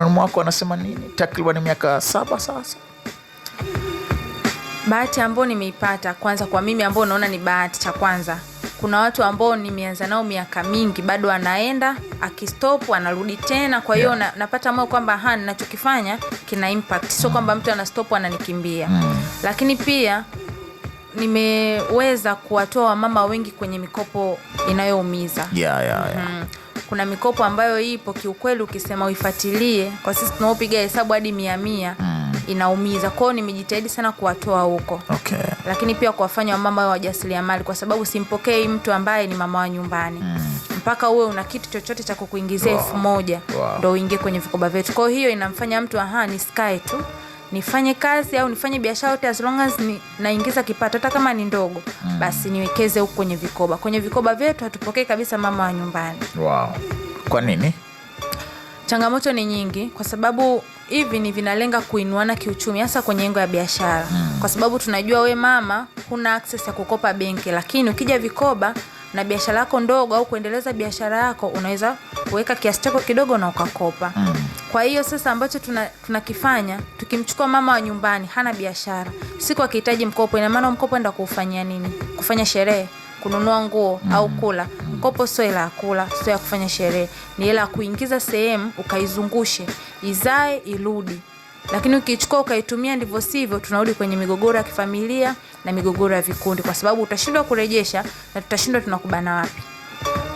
mwako anasema nini? Takriban miaka saba sasa. Bahati ambayo nimeipata kwanza, kwa mimi ambao naona ni bahati, cha kwanza kuna watu ambao nimeanza nao miaka mingi bado anaenda akistop anarudi tena, kwa hiyo yeah. Napata moyo kwamba ha ninachokifanya kina impact, sio kwamba mtu anastop ananikimbia mm. Lakini pia nimeweza kuwatoa wamama wengi kwenye mikopo inayoumiza yeah, yeah, yeah. Mm kuna mikopo ambayo ipo kiukweli, ukisema uifuatilie, kwa sisi tunaopiga hesabu hadi mia mia mm. inaumiza. Kwao nimejitahidi sana kuwatoa huko okay. Lakini pia kuwafanya wamama wa wajasiriamali, kwa sababu simpokei mtu ambaye ni mama wa nyumbani mm. mpaka uwe una kitu chochote cha kukuingizia elfu wow. moja wow. ndo uingie kwenye vikoba vyetu. Kwa hiyo inamfanya mtu aha, ni sky tu nifanye kazi au nifanye biashara yote, as long as naingiza kipato hata kama ni ndogo mm. basi niwekeze huko kwenye vikoba. Kwenye vikoba vyetu hatupokei kabisa mama wa nyumbani. Wow. Kwa nini? Changamoto ni nyingi kwa sababu hivi ni vinalenga kuinuana kiuchumi, hasa kwenye engo ya biashara mm. kwa sababu tunajua we mama huna access ya kukopa benki, lakini ukija vikoba na biashara yako ndogo au kuendeleza biashara yako unaweza kuweka kiasi chako kidogo na ukakopa mm. Kwa hiyo sasa ambacho tunakifanya tuna tukimchukua mama wa nyumbani hana biashara, siku akihitaji mkopo, ina maana mkopo enda kuufanyia nini? Kufanya sherehe, kununua nguo mm-hmm. au kula? Mkopo sio hela ya kula, sio ya kufanya sherehe, ni hela ya kuingiza sehemu ukaizungushe, izae, irudi lakini ukichukua ukaitumia ndivyo sivyo, tunarudi kwenye migogoro ya kifamilia na migogoro ya vikundi, kwa sababu utashindwa kurejesha na tutashindwa tunakubana wapi.